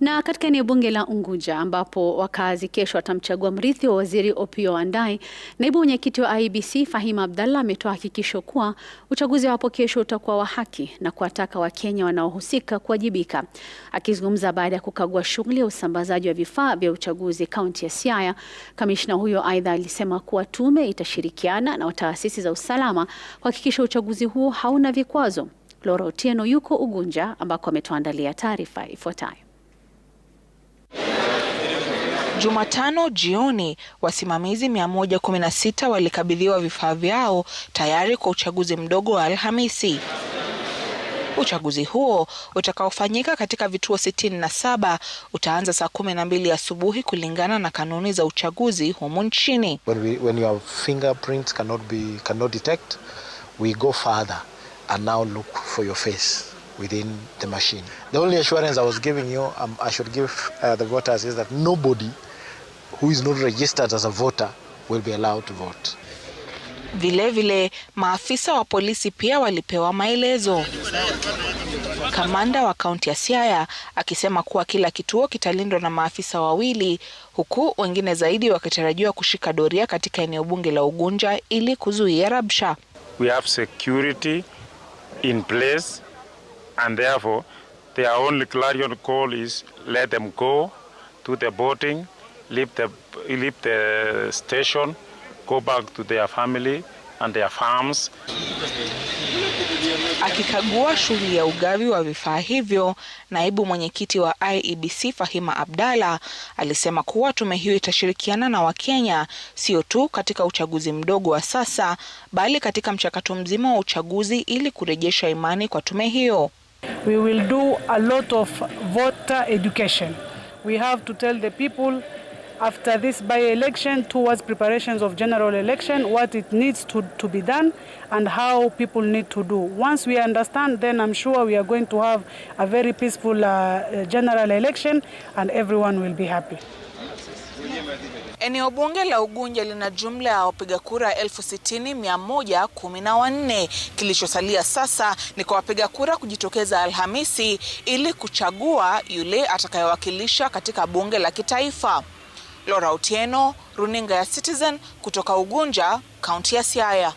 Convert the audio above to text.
Na katika eneo bunge la Unguja ambapo wakazi kesho watamchagua mrithi wa waziri Opiyo Wandayi, naibu mwenyekiti wa IEBC Fahima Abdalla ametoa hakikisho kuwa uchaguzi hapo kesho utakuwa wa haki na kuwataka Wakenya wanaohusika kuwajibika. Akizungumza baada ya kukagua shughuli ya usambazaji wa vifaa vya uchaguzi kaunti ya Siaya, kamishna huyo aidha alisema kuwa tume itashirikiana na taasisi za usalama kuhakikisha uchaguzi huo hauna vikwazo. Flora Otieno yuko Ugunja ambako ametuandalia taarifa ifuatayo. Jumatano jioni wasimamizi 116 walikabidhiwa vifaa vyao tayari kwa uchaguzi mdogo wa Alhamisi. Uchaguzi huo utakaofanyika katika vituo 67 utaanza saa 12 asubuhi kulingana na kanuni za uchaguzi humu nchini. When we, when your fingerprints cannot be, cannot detect, we go further and now look for your face within the machine. The only assurance I was giving you, um, I should give uh, the voters is that nobody who is not registered as a voter will be allowed to vote. Vilevile vile, maafisa wa polisi pia walipewa maelezo. Kamanda wa kaunti ya Siaya akisema kuwa kila kituo kitalindwa na maafisa wawili huku wengine zaidi wakitarajiwa kushika doria katika eneo bunge la Ugunja ili kuzuia rabsha. We have security in place, and therefore their only clarion call is let them go, do the boating, leave the, leave the station, go back to their family, and their farms. Akikagua shughuli ya ugavi wa vifaa hivyo, naibu mwenyekiti wa IEBC Fahima Abdalla alisema kuwa tume hiyo itashirikiana na Wakenya sio tu katika uchaguzi mdogo wa sasa, bali katika mchakato mzima wa uchaguzi ili kurejesha imani kwa tume hiyo. We will do a lot of voter education. We have to tell the people after this by-election towards preparations of general election, what it needs to, to be done and how people need to do. Once we understand, then I'm sure we are going to have a very peaceful uh, uh, general election and everyone will be happy. Eneo bunge la Ugunja lina jumla ya wapiga kura elfu sitini mia moja kumi na wanne. Kilichosalia sasa ni kwa wapiga kura kujitokeza Alhamisi ili kuchagua yule atakayewakilisha katika bunge la kitaifa. Laura Otieno, runinga ya Citizen kutoka Ugunja, kaunti ya Siaya.